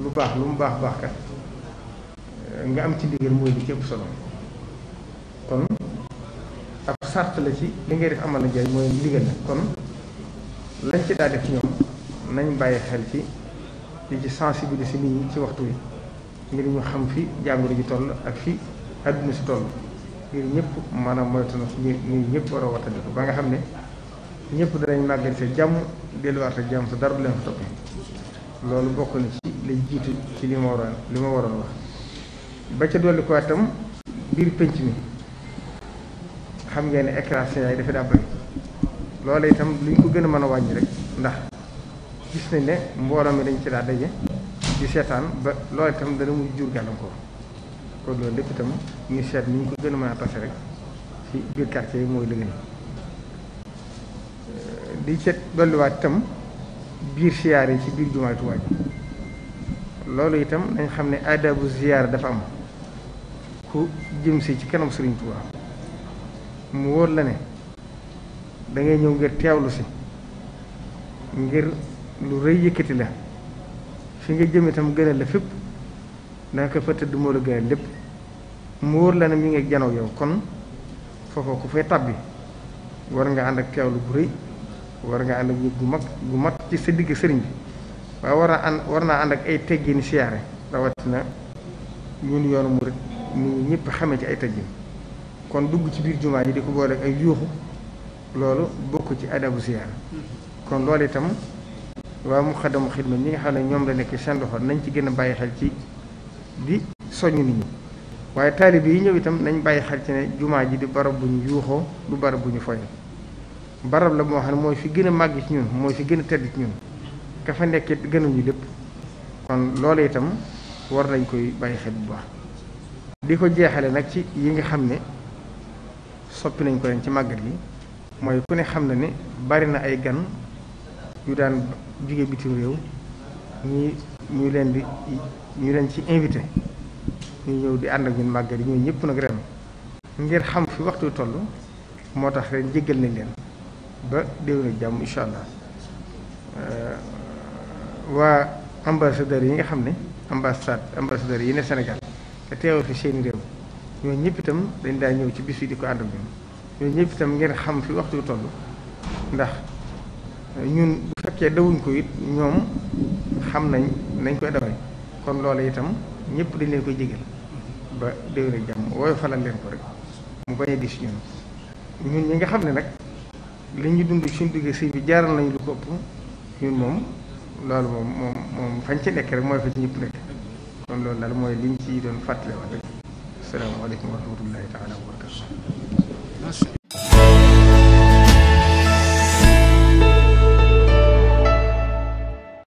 lu baax lu mu baax baax nga am ci ndigal mooy li ci solo kon ab sart la ci li ngay def amal na mooy ndigal la kon lañ ci daa def ñoom nañ bàyyi xel ci li ci sensibiliser nit ñi ci waxtu wi ngir ñu xam fi jàngoro ji toll ak fi àdduna si toll ngir ñëpp maanaam moytu na ñu ñëpp war a wattandiku ba nga xam ne ñëpp danañ màggal sa jàmm delluwaat sa jàmm sa dara du leen fa toppee loolu bokk na ci lay jiitu ci li ma waroon li ma waroon wax ba ca dolli ko itam biir pénc mi xam ngeen ne écran yaay dafa daa bëri loolu itam lu ñu ko gën a mën a wàññi rek ndax gis nañ ne mbooloo mi dañ ci daa daje di seetaan ba loolu itam dana muy jur gàllankoor kon loolu lépp itam ñu seet ni ñu ko gën a man a tase rek ci biir quartier yi mooy lëgëni di ca dolliwaat itam biir siyaar yi ci biir jumaay Tuubaa loolu itam dañ xam ne adabu ziyaar dafa am ku jëm si ci kenam Sëriñ Tuubaa mu wóor la ne da ñëw ngir teewlu si ngir lu rëy yëkkati la fi nga jëm itam gënal la fépp danga ko fa tëdd moo la gënal lépp mu wóor la ne mi ngi genaw yow kon foofa ku fay tàbbi war nga ànd ak teewlu bu rëy war nga ànd ak yëg gu mag gu mat ci sa digg sëriñ bi waaye war naa ànd war naa ànd ak ay teggin siyaare rawatina ñun yoonu murit ni ñëpp xame ci ay teggin kon dugg ci biir jumaa ji di ku boole ak ay yuuxu loolu bokk ci adabu siyaare kon lool itam waaw mu xadamu xidma ñi nga xam ne ñoom la nekk seen loxo nañ ci gën a bàyyi xel ci di soññ nit ñi waaye taalibe yi ñëw itam nañ bàyyi xel ci ne jumaa ji di barab bu ñu yuuxoo lu barab bu ñu foyee barab la moo xam ne mooy fi gën a màgg ci ñun mooy fi gën a tedd ci ñun ka fa nekkee gënuñu lépp kon loolu itam war nañ koy bàyyi xet bu baax li ko jeexale nag ci yi nga xam ne soppi nañ ko leen ci màggat gi mooy ku ne xam na ne bari na ay gan yu daan jóge bitim réew ñi ñu leen di ñu leen ci invité ñu ñëw di ànd ak ñun màggat yi ñooñu ñëpp nag ren ngir xam fi waxtu toll moo tax ren jéggal nañ leen ba déwén ak jàmm incha allah euh, waa ambassadeurs yi nga xam ne ambassade ambassadeurs yi ne Sénégal te teewal fi seeni réew ñooñu ñëpp itam dañ daa ñëw ci bis bi di ko ànd ak ñoom ñooñu ñëpp xam fi waxtu yu toll ndax ñun bu fekkee ko it ñoom xam nañ nañ koy dawee kon loolu itam ñëpp dañ leen koy jégal ba déwén ak jàmm wooyu falal leen ko rek mu bañ di gis ñun ñun ñi nga xam ne nag. li ñu dund suñ duggee sëy bi jaaral nañu lu ko ëpp ñun moom loolu moom moom moom fañ ci nekk rek mooy fa ci ñëpp nekk kon loolu daal mooy li liñ ci doon fàttale wax rek asalaamaaleykum wa rahmatullahi taala wa barakatu